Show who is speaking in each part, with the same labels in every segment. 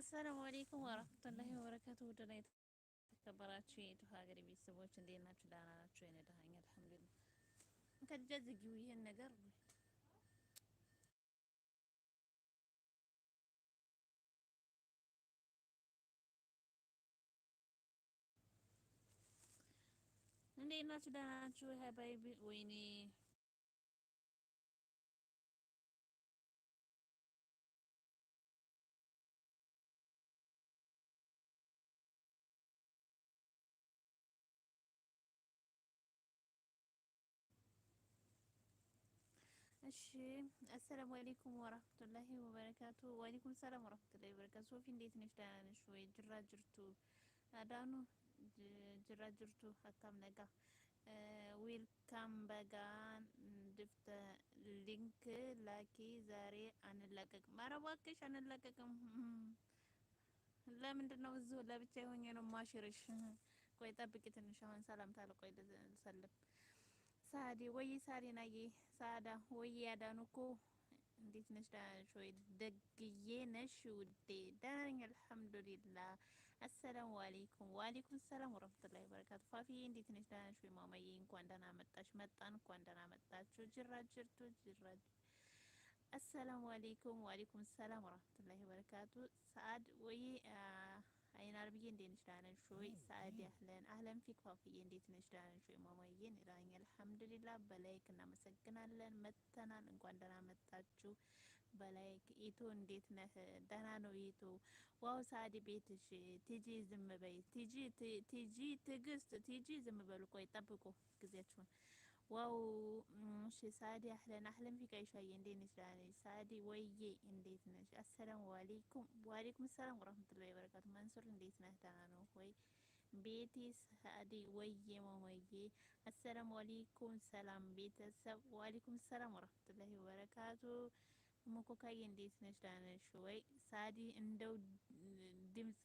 Speaker 1: አሰላሙ አሌይኩም ወራህመቱላሂ ወበረካቱ። ውድና የተከበራችሁ የኢትዮ ሀገር ቤተሰቦች እንዴት ናችሁ? ደህና ናችሁ? የኔ ደህና አልሐምዱሊላህ። ከእጃ ዝጊው ይሄን ነገር እንዴት ናችሁ? ደህና ናችሁ? ሀባይቢ ወይኔ እሺ አሰላሙ አለይኩም ወራህመቱላሂ ወበረካቱ። ወአለይኩም ሰላም ወራህመቱላሂ ወበረካቱ። ሶፊ እንዴት ነሽ? ደህና ነሽ ወይ? ጅርቱ አዳኑ ጅራ ጅርቱ ሀካም ነጋ ዌልካም በጋ ድፍተ ሊንክ ላኪ። ዛሬ አንላቀቅም። ኧረ እባክሽ አንላቀቅም። ለምንድን ነው እዚሁ ለብቻ የሆኜ ነው ማሽርሽ? ቆይ ጠብቂ ትንሽ። አሁን ሰላምታ ልቆይ ልሰልም ሳዲ ወይ ሳሪናዬ ሳዳ ወይ ያዳኑ እኮ እንዴት ነሽ? ዳሽ ወይ ደግዬ ነሽ ውዴ? ደህና ነኝ አልሐምዱሊላህ። አሰላሙ አለይኩም። ወአለይኩም ሰላም ወረህመቱላሂ ወበረካቱ። ፋፊ እንዴት ነሽ? ደህና ነሽ ወይ ማማዬ? እንኳን ደህና መጣሽ፣ መጣን። እንኳን ደህና መጣችሁ። ጅራጅርቱ ጅራጅ አሰላሙ አለይኩም። ወአለይኩም ሰላም ወረህመቱላሂ ወበረካቱ። ሰአድ ወይ አይናር ብዬ እንዴት ነሽ? ደህና ነሽ ወይ? ሰአድ ያህለን አህለን ፊክ ፋፍዬ እንዴት ነሽ? ደህና ነሽ ወይ? ማማዬን ራኝ አልሐምዱሊላ። በላይክ እናመሰግናለን። እንኳን ደህና መጣችሁ። በላይክ ኢቶ እንዴት ነህ? ደህና ነው ኢቶ። ዋው ሰአድ ቤትሽ ቲጂ ዝም በይ ቲጂ ቲጂ ትግስት ቲጂ ዝም በሉ። ቆይ ጠብቁ ጊዜያችሁን ዋው እሺ፣ ሳዲ አህለን አህለን ፊካ ይሻዬ፣ እንዴት ነሽ? ደህና ነሽ? ሳዲ ወይዬ፣ እንዴት ነሽ? አሰላሙ አለይኩም። ወአለይኩም ሰላም ወራህመቱላሂ ወበረካቱ። መንሱር እንዴት ነህ? ደህና ነው ወይ? ቤቲ ሳዲ ወይዬ፣ መሆዬ፣ አሰላሙ አለይኩም። ሰላም ቤተሰብ። ወአለይኩም ሰላም ወራህመቱላሂ ወበረካቱ። ሙኮካዬ፣ እንዴት ነሽ? ደህና ነሽ ወይ? ሳዲ እንደው ድምጽ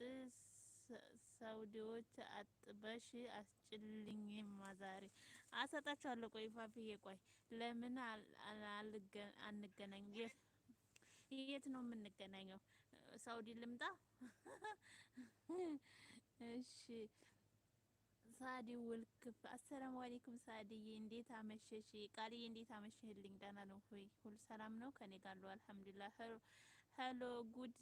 Speaker 1: ሳውዲዎች አጥበሽ አስጭልኝማ ዛሬ አሰጣችኋለሁ። ቆይ ፋፍዬ፣ ቆይ ለምን አንገናኝ? የት ነው የምንገናኘው? ሳውዲ ልምጣ? እሺ ሳዲ ውልክፍ አሰላሙ አለይኩም ሳዲዬ፣ እንዴት አመሸሽ? ቃልዬ፣ እንዴት አመሸህልኝ? ደህና ነው ሆይ? ሁሉ ሰላም ነው? ከኔ ጋር ነው አልሐምዱሊላህ። ሄሎ ጉድ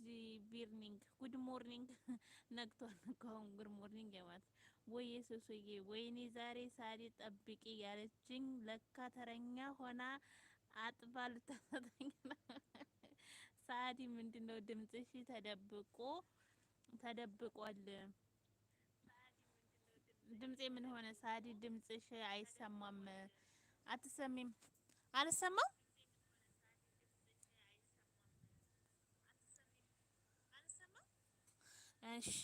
Speaker 1: ቢርኒንግ ጉድ ሞርኒንግ ነግቷል። ከአሁን ጉድ ሞርኒንግ የማለት ወይ ሱሱዬ ወይኔ ዛሬ ሳሪ ጠብቂ ያለችኝ ለካ ተረኛ ሆና አጥባ ልታሰጠኝ ሳዲ ምንድን ነው ድምጽሽ ተደብቆ ተደብቋል። ድምጼ ምን ሆነ? ሳዲ ድምጽሽ አይሰማም። አትሰሚም? አልሰማም እሺ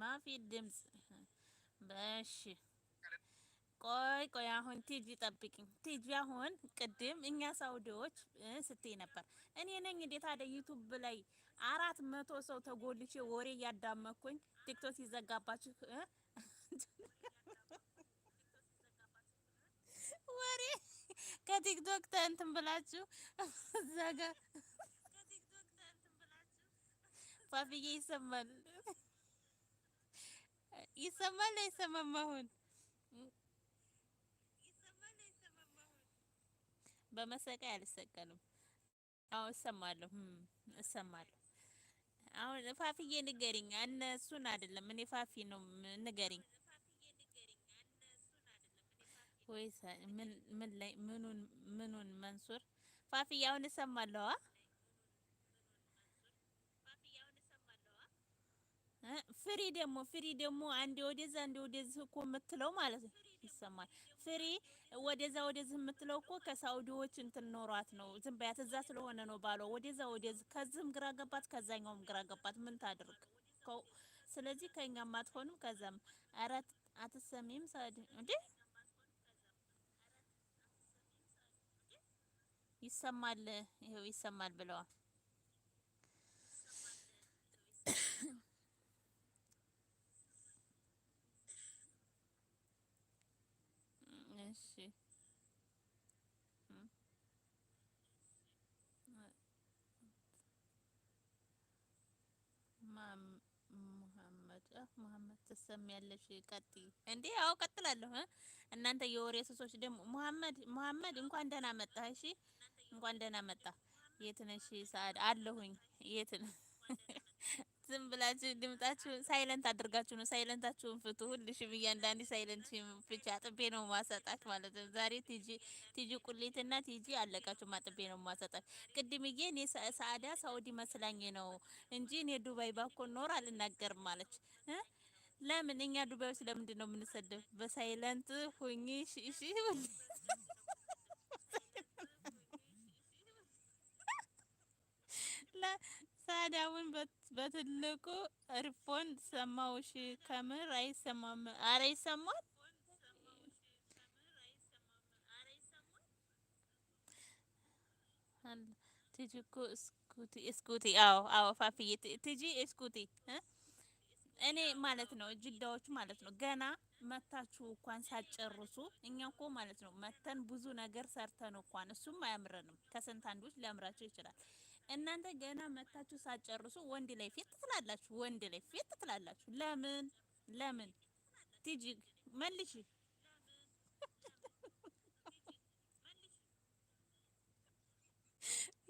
Speaker 1: ማፊ ድምጽ። በሽ ቆይ ቆይ፣ አሁን ቲጂ ጠብቅኝ። ቲጂ አሁን ቅድም እኛ ሳውዲዎች ስትይ ነበር። እኔ ነኝ እንዴት አደ ዩቱብ ላይ አራት መቶ ሰው ተጎልቼ ወሬ እያዳመኩኝ ቲክቶክ ሲዘጋባችሁ ወሬ ከቲክቶክ ተንትን ብላችሁ ዘጋ ፋፍዬ ይሰማል ይሰማል አይሰማም? አሁን በመሰቃይ አልሰቀልም። አሁን እሰማለሁ እሰማለሁ። አሁን ፋፍዬ ንገሪኝ፣ እነሱን አይደለም እኔ ፋፊ ነው ንገሪኝ። ወይ ምን ምን ላይ ምኑን ምኑን መንሱር ፋፍዬ አሁን እሰማለሁ። ፍሪ ደግሞ ፍሪ ደግሞ አንዴ ወደዛ አንዴ ወደዚህ እኮ የምትለው ማለት ነው ይሰማል። ፍሪ ወደዛ ወደዚህ የምትለው እኮ ከሳውዲዎች እንትን ኖሯት ነው። ዝም በያት እዛ ስለሆነ ነው ባሏ ወደዛ ወደዚህ። ከዚህም ግራ ገባት፣ ከዛኛውም ግራ ገባት። ምን ታድርግ? ስለዚህ ከእኛም አትሆንም። ከዛም ኧረ አትሰሚም ሰድ እንዴ ይሰማል፣ ይኸው ይሰማል ብለዋል። እሺ ሙሀመድ ሙሀመድ ትሰሚያለሽ? ቀጥይ። እንዴ አዎ ቀጥላለሁ። እናንተ የወሬ ስሶች ደግሞ ሙሀመድ ሙሀመድ እንኳን ደህና መጣ። እሺ እንኳን ደህና መጣ። የት ነሽ? ሰዓት አለሁኝ። የት ነው? ዝም ብላችሁ ድምጣችሁ ሳይለንት አድርጋችሁ ነው። ሳይለንታችሁን ፍቱ። ሁልሽም እያንዳንድ ሳይለንት ፍቻ አጥቤ ነው ማሰጣት ማለት ነው። ዛሬ ቲጂ ቲጂ ቁሌትና ቲጂ አለቃችሁ ማጥቤ ነው ማሰጣት። ቅድምዬ እኔ ሰአዳ ሳውዲ መስላኝ ነው እንጂ እኔ ዱባይ ባኮ ኖር አልናገርም ማለች። ለምን እኛ ውስጥ ለምንድን ነው የምንሰደብ? በሳይለንት ሁኚ እሺ። ሳዳውን በትልቁ እርፎን ሰማውሽ። ከምር አይሰማም። አረ ይሰማል። ትጂ እኮ እስኩቲ እስኩቲ። አዎ አዎ፣ ፋፍዬ ትጂ እስኩቲ። እኔ ማለት ነው ጅዳዎች ማለት ነው ገና መታችሁ እንኳን ሳጨርሱ እኛ እኮ ማለት ነው መተን ብዙ ነገር ሰርተን እንኳን እሱም አያምረንም። ከስንት አንዶች ሊያምራቸው ይችላል። እናንተ ገና መታችሁ ሳጨርሱ ወንድ ላይ ፊት ትላላችሁ፣ ወንድ ላይ ፊት ትላላችሁ። ለምን ለምን ቲጂ መልሽ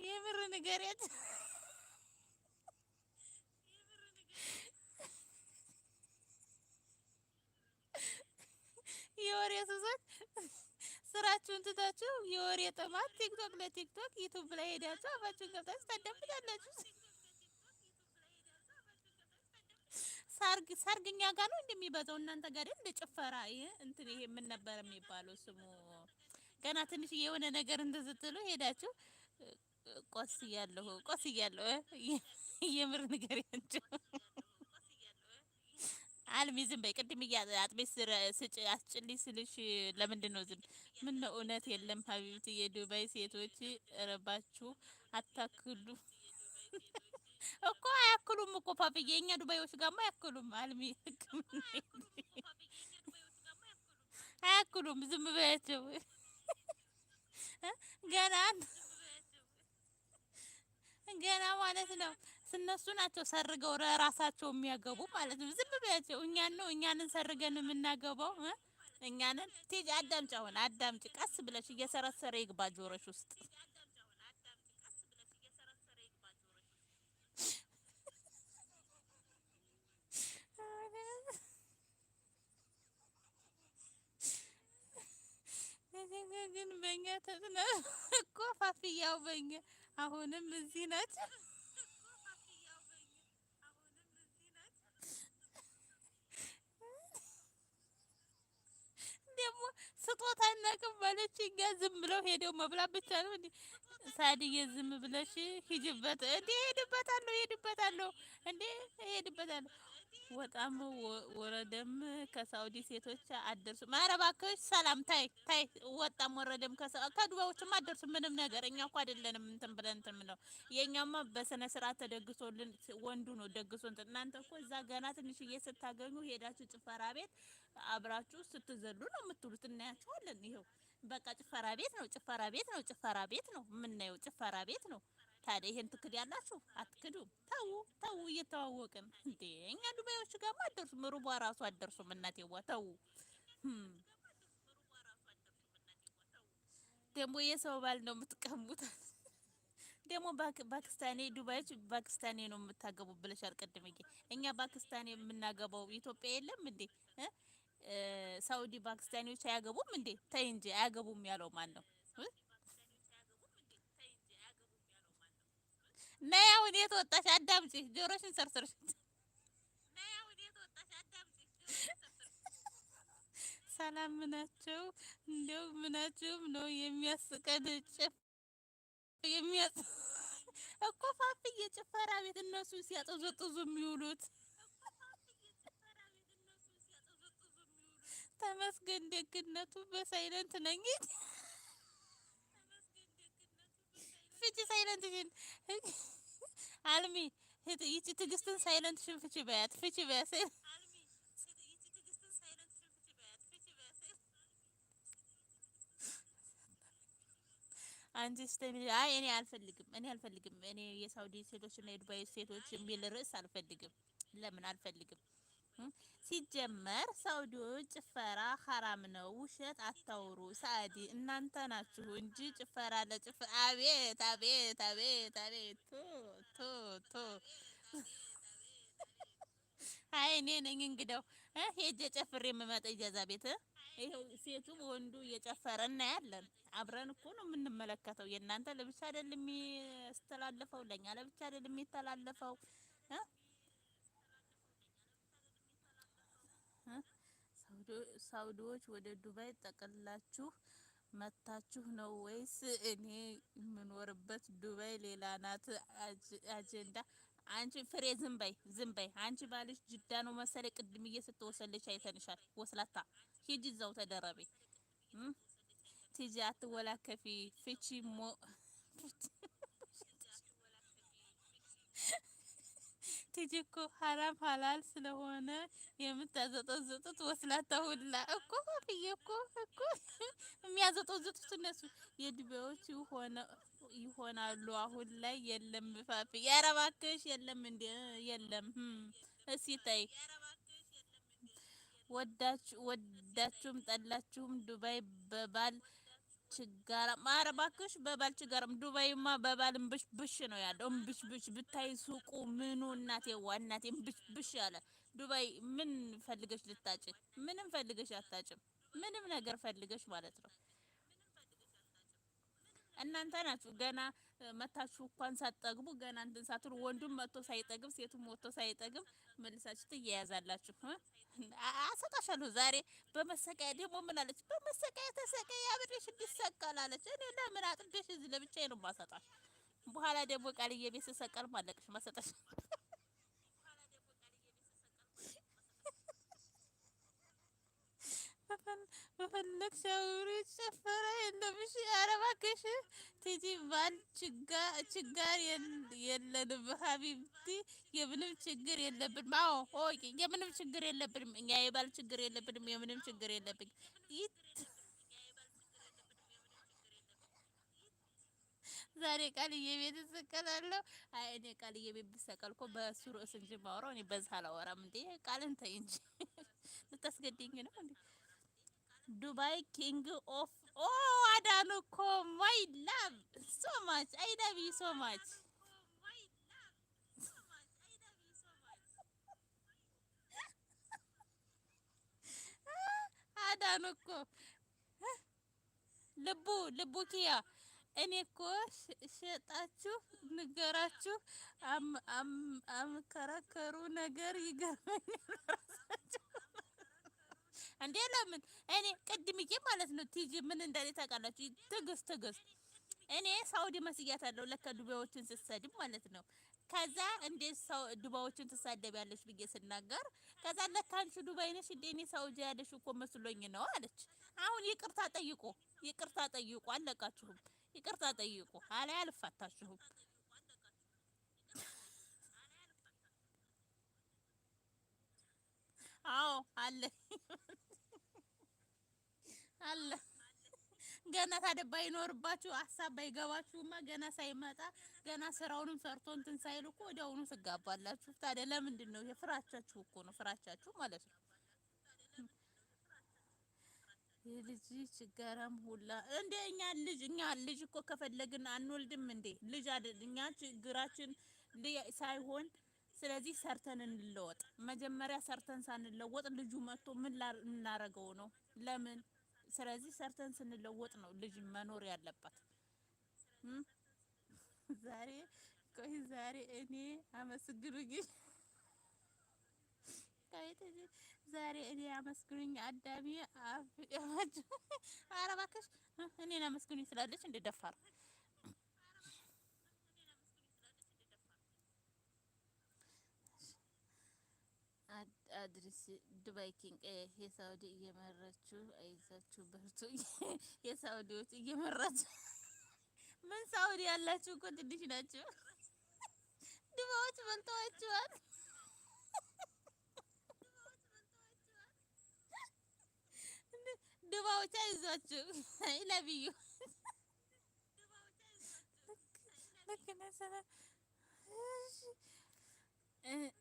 Speaker 1: የምር ንገሪያት። የወሬ ስዛት ስራችሁን ትታችሁ የወሬ ጥማት ቲክቶክ ለቲክቶክ ዩቱብ ላይ ሄዳችሁ አፋችሁን ገብታችሁ ታዳምጣላችሁ። ሳርግ ሳርግ እኛ ጋር ነው እንደሚበዛው እናንተ ጋር እንደ ጭፈራ ይሄ እንትን ይሄ ምን ነበር የሚባለው ስሙ? ገና ትንሽ የሆነ ነገር እንደዝትሉ ሄዳችሁ ቆስ እያለሁ ቆስ እያለሁ የምር ነገር ያንቸው አልሚ ዝም በይ። ቅድም አጥቤት ስጭ አስጭልኝ ስልሽ ለምንድን ነው ዝም? ምን ነው እውነት የለም ሀቢብት የዱባይ ሴቶች ረባችሁ አታክሉ እኮ አያክሉም እኮ ፓፕዬ፣ የእኛ ዱባዮች ጋማ አያክሉም። አልሚ ሕክምና አያክሉም። ዝም በያቸው ገና ገና ማለት ነው እነሱ ናቸው ሰርገው ራሳቸው የሚያገቡ ማለት ነው። ዝም ብያቸው እኛን ነው እኛንን ሰርገን የምናገባው እኛንን። ትሄጂ አዳምጪ፣ አሁን አዳምጪ፣ ቀስ ብለሽ እየሰረሰረ ይግባ ጆሮሽ ውስጥ ግን በእኛ ተጽዕኖ እኮ ፋፍያው በእኛ አሁንም እዚህ ናቸው። ደግሞ ስጦታ እናቅም ባለች እኛ ዝም ብለው ሄደው መብላ ብቻ ነው። እንዲ ሳድዬ ዝም ብለሽ ሂጅበት። እንዲ ሄድበታለሁ ሄድበታለሁ እንዲ ሄድበታለሁ ወጣም ወረደም ከሳውዲ ሴቶች አደርሱ ማረባከሽ ሰላም ታይ ታይ ወጣም ወረደም ከዱባዎችም አደርሱ ምንም ነገር እኛ እኮ አይደለንም እንትን ብለን እንትን ምለው የኛማ በስነ ስርዓት ተደግሶልን ወንዱ ነው ደግሶ እንትን እናንተ እኮ እዛ ገና ትንሽዬ ስታገኙ ሄዳችሁ ጭፈራ ቤት አብራችሁ ስትዘሉ ነው የምትሉት። እናያችኋለን። ይኸው በቃ ጭፈራ ቤት ነው ጭፈራ ቤት ነው ጭፈራ ቤት ነው የምናየው ጭፈራ ቤት ነው። ታዲያ ይሄን ትክድ ያላችሁ አትክዱም። ተው ተው፣ እየተዋወቅን እንዴ እኛ ዱባዮች ጋር አደርሱም። ሩቧ ራሱ አደርሱም። እናቴ ዋ ተው። ደግሞ የሰው ባል ነው የምትቀሙት። ደግሞ ፓኪስታኔ ዱባዮች ፓኪስታኔ ነው የምታገቡ ብለሽ አልቀድም ጌ እኛ ፓኪስታኔ የምናገባው ኢትዮጵያ የለም እንዴ? ሳውዲ ፓኪስታኒዎች አያገቡም እንዴ? ተይ እንጂ አያገቡም ያለው ማን ነው? ነያው እንዴት ወጣሽ? አዳምጪ፣ ጆሮሽን ሰርስርሽ። ሰላም ምናቸው እንደው ምናቸውም ነው የሚያስቀን ጭፍ የሚያስ እኮ ፋፍዬ ጭፈራ ቤት እነሱ ሲያጠዘጥዙ የሚውሉት ተመስገን ደግነቱ በሳይለንት ነኝ ፍቺ ሳይለንትሽን አልሚ ይቺ ትዕግስትን ሳይለንትሽን ፍቺ በያት ፍቺ በያት አንቺ ስተሚ አይ እኔ አልፈልግም እኔ አልፈልግም እኔ የሳውዲ ሴቶችና የዱባይ ሴቶች የሚል ርዕስ አልፈልግም ለምን አልፈልግም ሲጀመር ሳውዲዎች ጭፈራ ሀራም ነው፣ ውሸት አታውሩ። ሳዲ እናንተ ናችሁ እንጂ ጭፈራ ለጭፈ አቤት አቤት አቤት አቤት ቱ ቱ ቱ አይ እኔ ነኝ እንግዳው ሄጄ ጨፍሬ የምመጣ ኢጃዛ ቤት ይኸው ሴቱም ወንዱ እየጨፈረ እናያለን። አብረን እኮ ነው የምንመለከተው። የእናንተ ለብቻ አይደል የሚስተላለፈው፣ ለእኛ ለብቻ አይደል የሚተላለፈው። ሳውዲዎች ወደ ዱባይ ጠቅላችሁ መታችሁ ነው ወይስ እኔ የምኖርበት ዱባይ ሌላ ናት? አጀንዳ አንቺ ፍሬ ዝም በይ ዝም በይ። አንቺ ባልሽ ጅዳ ነው መሰለ ቅድም ስትወሰልሽ አይተንሻል። ወስላታ ሂጂ እዛው ተደረቤ ቲጂ አትወላከፊ ፍቺ ሞ ፍቺ ትጅኮ ሀራም ሀላል ስለሆነ የምታዘጠዝጡት ወስላታ ሁላ እኮ ብዬ እኮ እኮ የሚያዘጠዝጡት እነሱ የድቤዎች ይሆናሉ። አሁን ላይ የለም ፋፍ ያረባክሽ የለም እንደ የለም እሲ ታይ ወዳችሁም ጠላችሁም ዱባይ በባል ጋር ኧረ እባክሽ በባልች ዱባይማ በባል እምብሽ ብሽ ነው ያለው። እምብሽ ብሽ ብታይ ሱቁ ምኑ እናቴ ዋ እናቴ እምብሽ ብሽ ያለ ዱባይ። ምን ፈልገሽ ልታጭ? ምንም ፈልገሽ አታጭም። ምንም ነገር ፈልገሽ ማለት ነው። እናንተ ናችሁ ገና መታችሁ እንኳን ሳትጠግቡ ገና እንትን ሳትሉ ወንዱም መጥቶ ሳይጠግብ ሴቱም ወጥቶ ሳይጠግብ መልሳችሁ ትያያዛላችሁ። አሰጣሻለሁ ዛሬ በመሰቃያ ደግሞ ምን አለች? በመሰቃያ ተሰቃያ አብሬሽ እንዲሰቀላለች። እኔ ለምን አጥቤሽ እዚህ ለብቻዬ ነው ማሰጣሽ። በኋላ ደግሞ ቃልዬ ቤት ስሰቀል ማለቅሽ ማሰጣሽ በፈለግ ሰውሪ ጨፈረ የለምሽ። ኧረ እባክሽ ቲጂ ባል ችጋር የለንም ሀቢብቲ፣ የምንም ችግር የለብንም። አዎ ሆይ የምንም ችግር የለብንም እኛ የባል ችግር የለብንም። የምንም ችግር የለብኝ ይት ዛሬ ቃልዬ ቤት እሰቀላለሁ። አይ እኔ ቃልዬ ቤት ብሰቀል እኮ በእሱ ርዕስ እንጂ የማወራው እኔ በዛ አላወራም። እንዴ ቃልን ተይ እንጂ ልታስገድኝ ነው እንዴ? ዱባይ ኪንግ ኦፍ ኦ አዳኑ እኮ ማይ ላቭ ሶ ማች አይ ላቭ ዩ ሶ ማች አዳኑ እኮ ልቡ ልቡ ኪያ እኔ እኮ ሸጣችሁ ንገራችሁ አምከራከሩ ነገር ይገርመኛል። እንዴ ለምን እኔ ቅድምዬ ማለት ነው ቲጂ ምን እንዳለ ታውቃላችሁ? ትግስት ትግስት እኔ ሳውዲ መስያታለሁ ለካ ዱባዎችን ስሰድብ ማለት ነው። ከዛ እንዴት ሰው ዱባዎችን ትሳደብ ያለች ብዬ ስናገር ከዛ ለካ አንቺ ዱባይ ነሽ እንዴ እኔ ሳውዲ ያለሽ እኮ መስሎኝ ነው አለች። አሁን ይቅርታ ጠይቁ፣ ይቅርታ ጠይቁ፣ አለቃችሁም ይቅርታ ጠይቁ፣ አላይ አልፋታችሁም። አዎ አለ አለ። ገና ታዲያ ባይኖርባችሁ ሀሳብ ባይገባችሁማ ገና ሳይመጣ ገና ስራውንም ሰርቶ እንትን ሳይል እኮ ወዲያውኑ ትጋባላችሁ። ታዲያ ለምንድን ነው የፍራቻችሁ? እኮ ነው ፍራቻችሁ ማለት ነው። የልጅ ችጋራም ሁላ እንደ እኛ ልጅ እኛ ልጅ እኮ ከፈለግን አንወልድም እንዴ? ልጅ እኛ ችግራችን ሳይሆን ስለዚህ ሰርተን እንለወጥ። መጀመሪያ ሰርተን ሳንለወጥ ልጁ መጥቶ ምን እናረገው ነው? ለምን ስለዚህ ሰርተን ስንለወጥ ነው ልጅ መኖር ያለባት። ዛሬ ቆይ ዛሬ እኔ አመስግኑኝ፣ ዛሬ እኔ አመስግኑኝ። አዳሚ አረባከሽ እኔን አመስግኑኝ ስላለች እንደ ደፋር አድርስ ዱባይ ኪንግ የሳውዲ እየመራችሁ አይዛችሁ በርቱ። የሳውዲዎች እየመራችሁ ምን ሳውዲ ያላችሁ እኮ ትንሽ ናቸው። ዱባዎች በልተዋችኋል። ዱባዎች አይዟችሁ። አይ ዩ ልክ ነህ።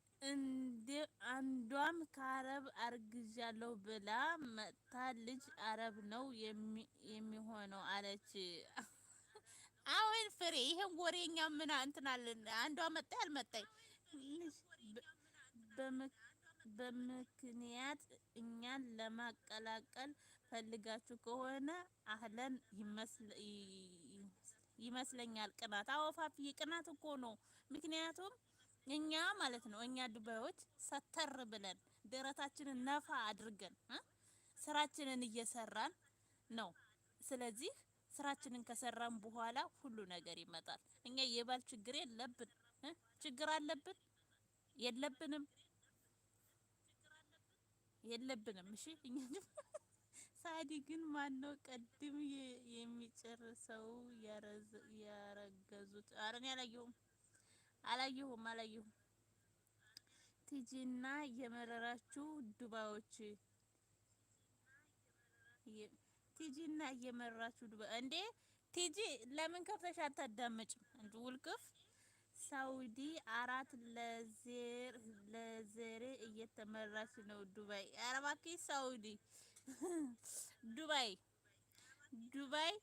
Speaker 1: አንዷም ከአረብ አርግዣለሁ ብላ መጥታ ልጅ አረብ ነው የሚሆነው አለች። አሁን ፍሬ ይሄን ወሬኛ ምን እንትናለን። አንዷ መጣ ያልመጣኝ በምክንያት እኛን ለማቀላቀል ፈልጋችሁ ከሆነ አህለን ይመስለኛል። ቅናት አወፋፍዬ ቅናት እኮ ነው ምክንያቱም እኛ ማለት ነው እኛ ዱባዮች ሰተር ብለን ደረታችንን ነፋ አድርገን ስራችንን እየሰራን ነው። ስለዚህ ስራችንን ከሰራን በኋላ ሁሉ ነገር ይመጣል። እኛ የባል ችግር የለብን፣ ችግር አለብን የለብንም የለብንም። እሺ እኛ ሳዲ ግን ማን ነው ቀድም የሚጨርሰው? ያረገዙት አረን ያላየሁም አላየሁም አላየሁም። ቲጂና የመረራችሁ ዱባዎች ቲጂና እየመረራችሁ ዱባ እንዴ ቲጂ ለምን ከፍተሽ አታዳመጭም? እንጂ ውልቅፍ ሳውዲ አራት ለዜር ለዜሬ እየተመራች ነው ዱባይ። አረባኪ ሳውዲ ዱባይ ዱባይ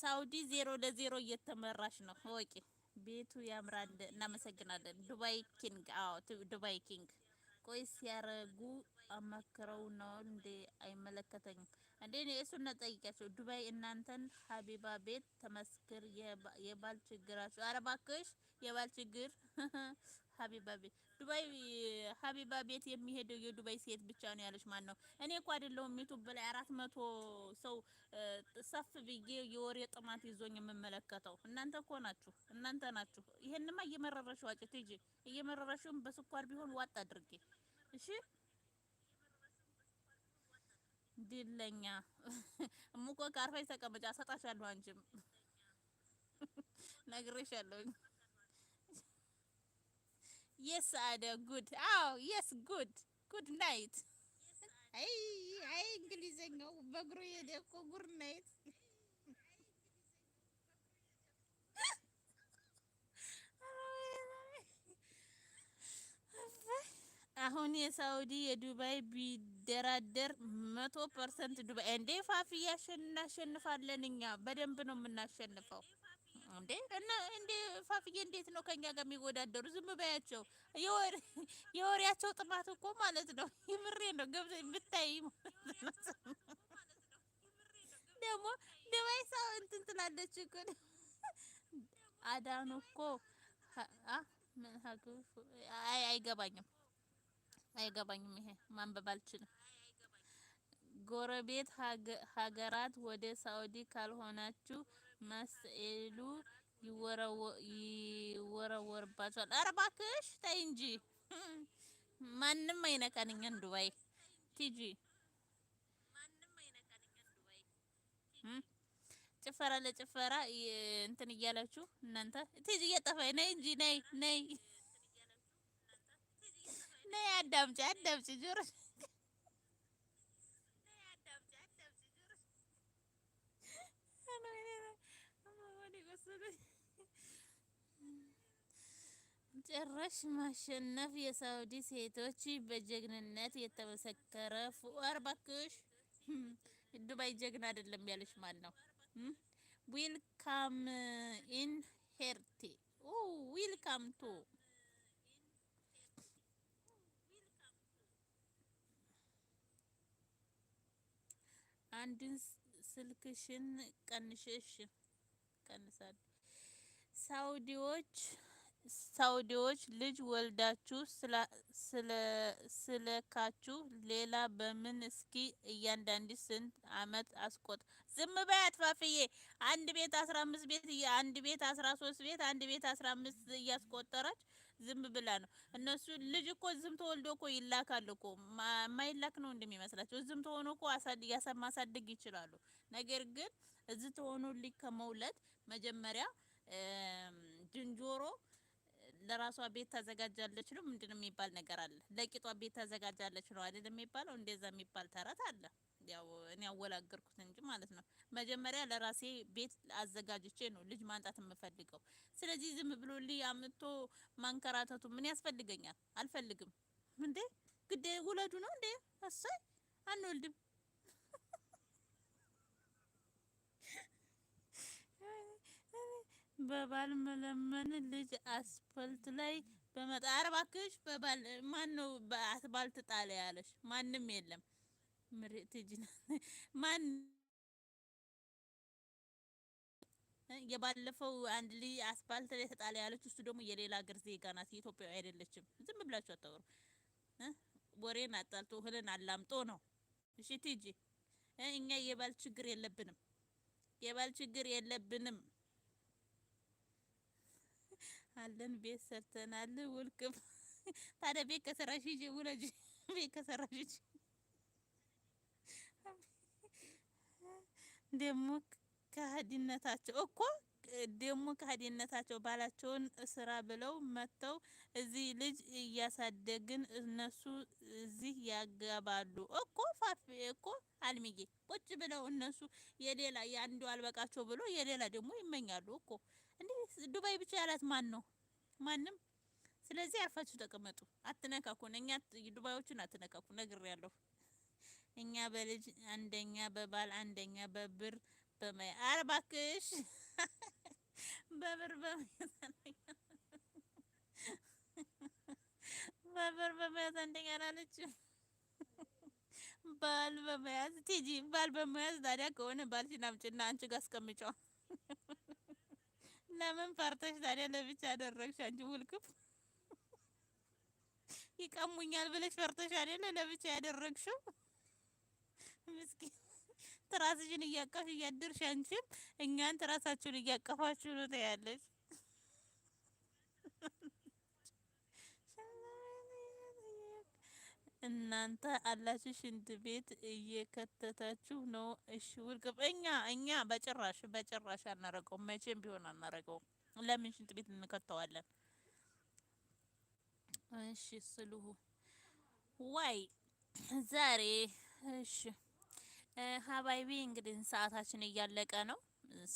Speaker 1: ሳውዲ ዜሮ ለዜሮ እየተመራች ነው ወቂ ቤቱ ያምራል። እናመሰግናለን። ዱባይ ኪንግ። አዎ ዱባይ ኪንግ። ቆይ ሲያረጉ አማክረው ነው እንዴ? አይመለከተኝም እንዴ? እኔ እሱን ጠይቂያቸው። ዱባይ እናንተን ሀቢባ ቤት ተመስክር የባል ችግራችሁ። አረ እባክሽ የባል ችግር ሀቢባ ቤት ዱባይ ሀቢባ ቤት የሚሄደው የዱባይ ሴት ብቻ ነው ያለች ማን ነው? እኔ እኮ አይደለሁም ዩቱብ ላይ አራት መቶ ሰው ሰፍ ብዬ የወሬ ጥማት ይዞኝ የምመለከተው እናንተ እኮ ናችሁ፣ እናንተ ናችሁ። ይሄንማ እየመረረሽ ዋጭ ትጂ እየመረረሽም በስኳር ቢሆን ዋጥ አድርጌ እሺ ድለኛ ሙቆ ካርፋይ ተቀመጫ ሰጣሻለሁ። አንቺም ነግሬሻለሁ። የስ አደ ጉድ አዎ፣ የስ ጉድ ጉድ ናይት። አይ አይ እንግሊዘኛው በእግሩ ሄደ እኮ ጉድ ናይት። አሁን የሳውዲ የዱባይ ቢደራደር መቶ ፐርሰንት ዱባይ እንዴ ፋፊ ያሸናሸንፋለን። እኛ በደንብ ነው የምናሸንፈው። እንዴ እና እንዴ ፋፍዬ እንዴት ነው ከኛ ጋር የሚወዳደሩ? ዝም በያቸው። የወሬያቸው ጥማት እኮ ማለት ነው። ይምሬ ነው ገብቶ ብታይ ደግሞ ደባይ እንትን ትላለች እኮ አዳኑ እኮ አይገባኝም፣ አይገባኝም። ይሄ ማንበብ አልችልም። ጎረቤት ሀገራት ወደ ሳውዲ ካልሆናችሁ መስኤሉ ይወረወርባቸዋል። ኧረ እባክሽ ተይ እንጂ ማንም አይነካን እኛን ዱባይ ቲጂ ጭፈራ ለጭፈራ እንትን እያላችሁ እናንተ ቲጂ እየጠፋኝ ነይ እንጂ ነይ ነይ ነይ አዳምጪ አዳምጪ ጆሮሽ ጭራሽ ማሸነፍ የሳውዲ ሴቶች በጀግንነት የተመሰከረ ፉአር ባክሽ ዱባይ ጀግና አይደለም ያለሽ ማን ነው? ዊልካም ኢን ሄርቲ ኦ ዊልካም ቱ አንድን ስልክሽን ቀንሽሽ ቀንሳል ሳውዲዎች ሳውዲዎች ልጅ ወልዳችሁ ስለካችሁ ሌላ በምን እስኪ እያንዳንድ ስንት አመት አስቆጥ ዝም በይ አትፋፍዬ። አንድ ቤት አስራ አምስት ቤት አንድ ቤት አስራ ሶስት ቤት አንድ ቤት አስራ አምስት እያስቆጠረች ዝም ብላ ነው። እነሱ ልጅ እኮ ዝም ተወልዶ እኮ ይላካል እኮ ማይላክ ነው እንደሚመስላቸው። ዝም ተሆኖ እኮ ማሳደግ ይችላሉ። ነገር ግን እዚህ ተሆኖ ልጅ ከመውለድ መጀመሪያ ድንጆሮ ለራሷ ቤት ታዘጋጃለች ነው ምንድን የሚባል ነገር አለ። ለቂጧ ቤት ታዘጋጃለች ነው አይደል የሚባለው? እንደዛ የሚባል ተረት አለ። ያው እኔ ያወላገርኩት እንጂ ማለት ነው። መጀመሪያ ለራሴ ቤት አዘጋጅቼ ነው ልጅ ማንጣት የምፈልገው። ስለዚህ ዝም ብሎ ልጅ አምጥቶ ማንከራተቱ ምን ያስፈልገኛል? አልፈልግም እንዴ ግዴ ውለዱ ነው እንዴ? እሰይ አንወልድም በባል መለመን ልጅ አስፋልት ላይ በመጣ አረባክሽ በባል ማን ነው በአስፋልት ጣለ ያለሽ? ማንም የለም። ምሬት ማን የባለፈው አንድ ልጅ አስፋልት ላይ ተጣለ ያለች፣ እሱ ደግሞ የሌላ ሀገር ዜጋ ናት፣ የኢትዮጵያ አይደለችም። ዝም ብላችሁ አታወሩ። ወሬን አጣልቶ እህልን አላምጦ ነው። እሺ ትጂ እኛ የባል ችግር የለብንም፣ የባል ችግር የለብንም። አለን ቤት ሰርተናል። ውልቅም ታዲያ ቤት ከሰራሽ ሂጂ ውለጅ። ቤት ከሰራሽ ሂጂ ደግሞ ከሀዲነታቸው እኮ ደግሞ ከሀዲነታቸው ባላቸውን ስራ ብለው መጥተው እዚህ ልጅ እያሳደግን እነሱ እዚህ ያገባሉ እኮ ፋፍ እኮ አልሚዬ ቁጭ ብለው እነሱ የሌላ የአንዱ አልበቃቸው ብሎ የሌላ ደግሞ ይመኛሉ እኮ ዱባይ ብቻ ያላት ማን ነው? ማንም። ስለዚህ አርፋችሁ ተቀመጡ፣ አትነካኩን። እኛ ዱባዮቹን አትነካኩ፣ ነግሬያለሁ። እኛ በልጅ አንደኛ፣ በባል አንደኛ፣ በብር በማይ አርባክሽ በብር በብር በመያዝ አንደኛ ናለች። ባል በመያዝ ቲጂ ባል በመያዝ ታዲያ ከሆነ ባልሽን አምጪና አንቺ ጋር አስቀምጫው። እና ምን ፈርተሽ ታዲያ ለብቻ አደረግሽ? አንቺ ውልቅፍ ይቀሙኛል ብለሽ ፈርተሽ አይደለ ለብቻ ያደረግሽው? ምስኪን ትራስሽን እያቀፍሽ እያድርሽ አንቺም እኛን ትራሳችሁን እያቀፋችሁ ነው ያለሽ። እናንተ አላችሁ ሽንት ቤት እየከተታችሁ ነው። እሺ ውርግብ፣ እኛ እኛ በጭራሽ በጭራሽ አናረገው፣ መቼም ቢሆን አናረገው። ለምን ሽንት ቤት እንከተዋለን? እሺ ስልሁ ዋይ ዛሬ እሺ ሀባይቢ፣ እንግዲህ ሰዓታችን እያለቀ ነው።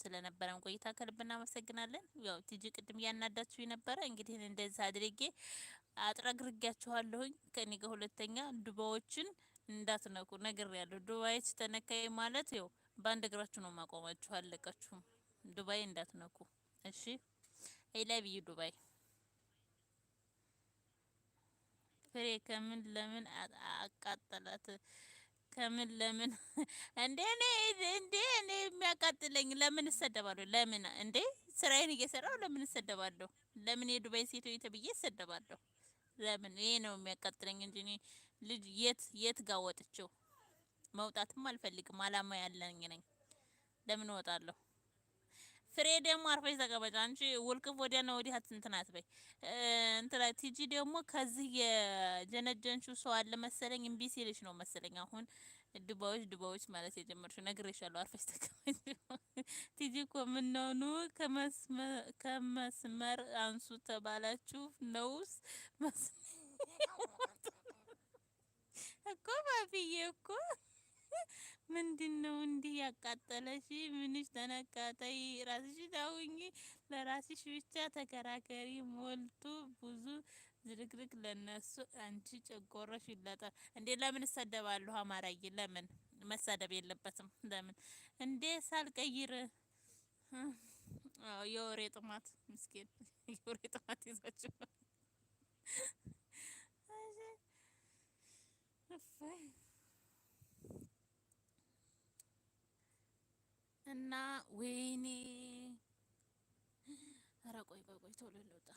Speaker 1: ስለነበረን ቆይታ ከልብ እናመሰግናለን። ያው ቲጂ ቅድም እያናዳችሁ የነበረ እንግዲህ እንደዚህ አድርጌ አጥረግርጊያችኋለሁኝ ከኔ ጋር ሁለተኛ ዱባዎችን እንዳትነኩ ነገር ያለሁ ዱባይች ተነካይ ማለት ያው በአንድ እግራችሁ ነው ማቆማችሁ። አለቀችሁም። ዱባይ እንዳትነኩ እሺ። አይ ላቭ ዩ ዱባይ። ፍሬ ከምን ለምን አቃጠላት? ከምን ለምን እንዴ እኔ እንዴ እኔ የሚያቃጥለኝ ለምን እሰደባለሁ? ለምን እንዴ ስራዬን እየሰራው ለምን እሰደባለሁ? ለምን የዱባይ ሴቶች ተብዬ እሰደባለሁ? ለምን ይሄ ነው የሚያቃጥለኝ እንጂ እኔ ልጅ የት የት ጋር ወጥቼው መውጣትም አልፈልግም። አላማ ያለኝ ነኝ። ለምን እወጣለሁ? ፍሬ ደግሞ አርፈሽ ተቀመጭ አንቺ ውልቅፍ ወዲያና ወዲህ እንትን አትበይ። እንትና ቲጂ ደግሞ ከዚህ የጀነጀንሽው ሰው አለ መሰለኝ እምቢ ሲልሽ ነው መሰለኝ አሁን ድባዎች ድባዎች ማለት የጀመርሽው። ነግሬሻለሁ፣ አርፈሽ ተቀመጭ። ቲጂ እኮ ምነውኑ ከመስመር አንሱ ተባላችሁ ነውስ? እኮ ባብዬ እኮ ምንድን ነው እንዲህ ያቃጠለሽ? ምንሽ ተነካተይ? ራስሽ ዳውኝ፣ ለራስሽ ብቻ ተከራከሪ። ሞልቱ ብዙ ዝርግርግ ለነሱ፣ አንቺ ጨጎረሽ ይላጣል እንዴ! ለምን እሰደባለሁ? አማራዬ ለምን መሳደብ የለበትም። ለምን እንዴ ሳልቀይር የወሬ ጥማት ምስኪን የወሬ ጥማት ይዛችሁ እና ወይኔ ኧረ ቆይ ቆይ ቶሎ ልውጣ።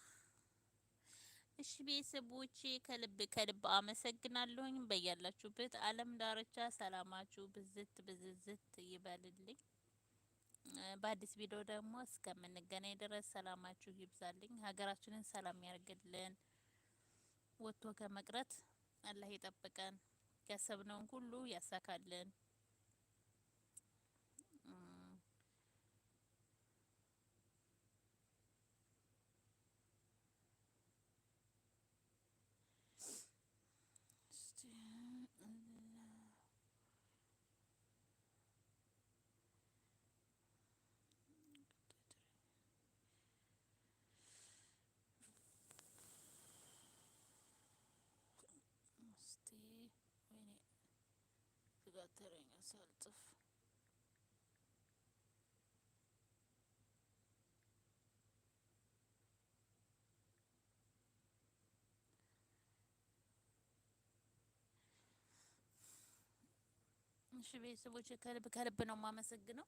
Speaker 1: እሺ ቤተሰቦቼ ከልብ ከልብ አመሰግናለሁኝ። በያላችሁበት ዓለም ዳርቻ ሰላማችሁ ብዝት ብዝዝት ይበልልኝ። በአዲስ ቪዲዮ ደግሞ እስከምንገናኝ ድረስ ሰላማችሁ ይብዛልኝ። ሀገራችንን ሰላም ያርግልን። ወጥቶ ከመቅረት አላህ ይጠብቀን። ያሰብነውን ሁሉ ያሳካልን። ደብተረኛ ሳልጽፍ እሺ ቤተሰቦች ከልብ ከልብ ነው የማመሰግነው።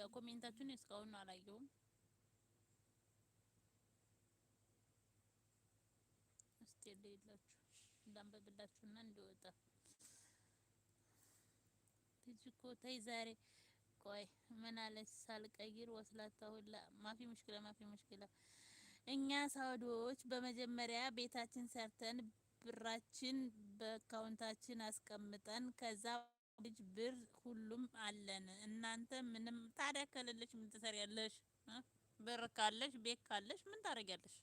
Speaker 1: ያው ኮሜንታችሁን እስካሁን አላየሁም። እስቲ ላንበብላችሁና እንደወጣ ልጅ እኮ ተይ ዛሬ ቆይ ምን አለች ሳልቀይር ወስላታ ሁላ ማፊ ሙሽክላ ማፊ ሙሽክላ። እኛ ሳውዲዎች በመጀመሪያ ቤታችን ሰርተን ብራችን በአካውንታችን አስቀምጠን ከዛ ልጅ ብር ሁሉም አለን። እናንተ ምንም ታዲያ ከሌለሽ ምን ትሰሪያለሽ? ብር ካለሽ ቤት ካለሽ ምን ታደርጊያለሽ?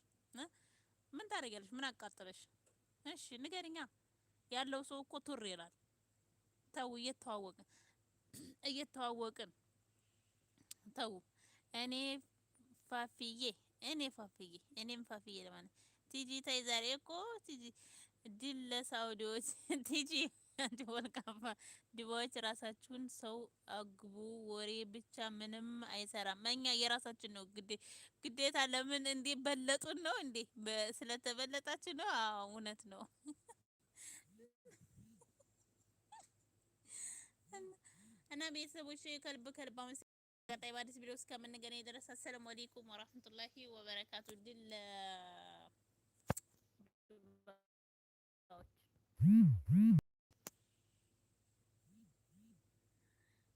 Speaker 1: ምን ታደርጊያለሽ? ምን አቃጥለሽ እሺ ንገርኛ። ያለው ሰው እኮ ቱር ይላል። ተው፣ እየተዋወቅን እየተዋወቅን ተው። እኔ ፋፍዬ እኔ ፋፍዬ እኔም ፋፍዬ ለማለት ቲጂ ተይ ዛሬ እኮ ቲጂ ድል ለሳውዲዎች ቲጂ አንዳንድ ወልቃፋ ድባዎች ራሳችሁን ሰው አግቡ፣ ወሬ ብቻ ምንም አይሰራም። እኛ የራሳችን ነው ግዴታ። ለምን እንዴ በለጡን ነው እንዴ? ስለተበለጣችሁ ነው። እውነት ነው። እና ቤተሰቦች ከልብ ከልብ አመስ ቀጣይ በአዲስ ቪዲዮ እስከምንገናኝ ድረስ አሰላሙ አለይኩም ወራህመቱላሂ ወበረካቱ። ድል